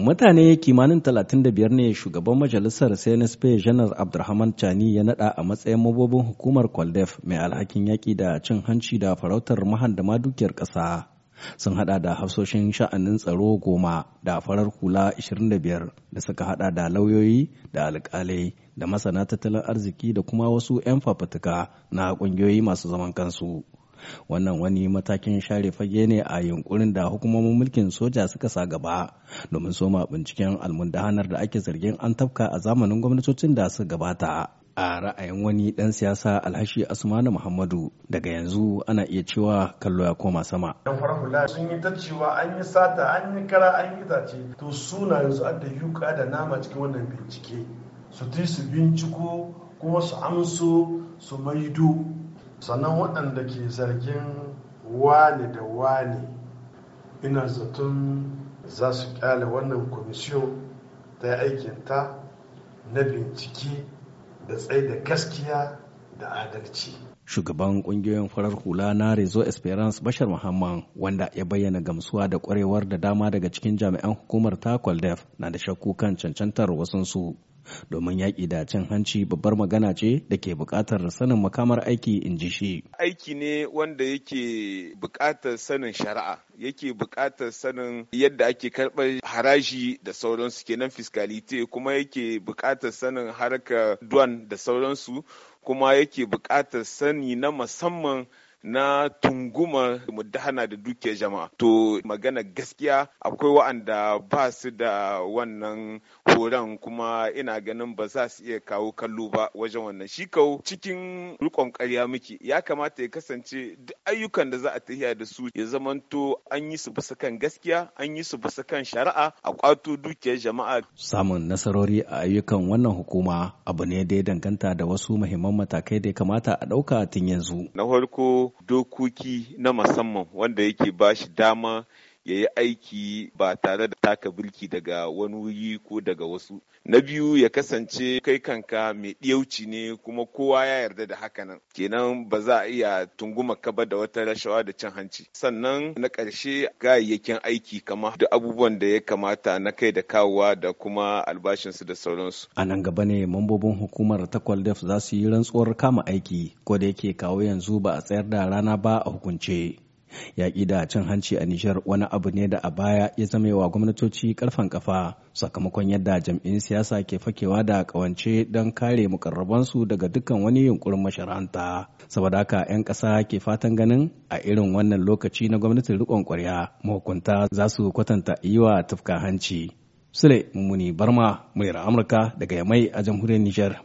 Mutane kimanin 35 ne shugaban majalisar CNSP Janar abdulrahman Chani ya nada a matsayin mabobin hukumar Kwaldef mai alhakin yaƙi da cin hanci da farautar mahandama dukiyar ƙasa. Sun hada da hafsoshin sha'anin tsaro goma da farar hula 25 da suka hada da lauyoyi da alƙalai da masana tattalin arziki da kuma wasu 'yan fafatuka na ƙungiyoyi masu zaman kansu. wannan wani matakin share fage ne a yunkurin da hukumomin mulkin soja suka sa gaba domin soma binciken almundahanar da ake zargin an tafka a zamanin gwamnatocin da suka gabata a ra'ayin wani 'dan siyasa alhashi asmanu muhammadu daga yanzu ana iya cewa kallo ya koma sama dan farfula sun yi ta cewa an yi sata an yi kara an yi tace to suna yanzu adda yuka da nama cikin wannan bincike su ti su binciko kuma su amso su maido sannan waɗanda ke zargin wane da wane ina zaton za su kyale wannan kwamisiyo ta yi aikinta na bincike da tsaye da gaskiya da adalci. Shugaban kungiyoyin farar hula na Rezo Esperance Bashar Muhammad wanda ya bayyana gamsuwa da kwarewar da dama daga cikin jami'an hukumar ta Kwaldef na da shakku kan cancantar wasansu domin yaƙi da cin hanci babbar magana ce da ke buƙatar sanin makamar aiki in ji shi. Aiki ne wanda yake buƙatar sanin shari'a, yake buƙatar sanin yadda ake karɓar haraji da sauransu kenan fiskalite kuma yake buƙatar sanin harkar duwan da sauransu kuma yake buƙatar sani na musamman na tunguma mudahana da dukiyar jama'a to magana gaskiya akwai wa'anda ba su da wannan horon kuma ina ganin ba za su iya kawo kallo ba wajen wannan shi kawo cikin rikon karya muke ya kamata ya kasance duk ayyukan da za a tafiya da su ya zamanto an yi su bisa kan gaskiya an yi su bisa kan shari'a a kwato dukiyar jama'a samun nasarori a ayyukan wannan hukuma abu ne da ya danganta da wasu muhimman matakai da ya kamata a ɗauka tun yanzu na farko dokoki na musamman wanda yake ba shi dama ya yi aiki ba tare da taka birki daga wani wuri ko daga wasu. Na biyu ya kasance kai kanka mai ɗiyauci ne kuma kowa ya yarda da hakanan. Kenan ba za a iya tunguma kaba da wata rashawa da cin hanci. Sannan na ƙarshe kayayyakin aiki kama da abubuwan da ya kamata na kai da kawowa da kuma albashinsu da sauransu. A nan gaba ne mambobin hukumar takwal def za su yi rantsuwar kama aiki ko da yake kawo yanzu ba a tsayar da rana ba a hukunce. yaƙi da cin hanci a Nijar wani abu ne da a baya ya zama wa gwamnatoci karfan kafa sakamakon yadda jam'in siyasa ke fakewa da ƙawance don kare mukarrabansu daga dukkan wani yunkurin mashara'anta saboda haka 'yan ƙasa ke fatan ganin a irin wannan lokaci na gwamnatin riƙon ƙwarya mahukunta za su kwatanta iwa tufka hanci sule mummuni barma muryar amurka daga yamai a jamhuriyar Nijar.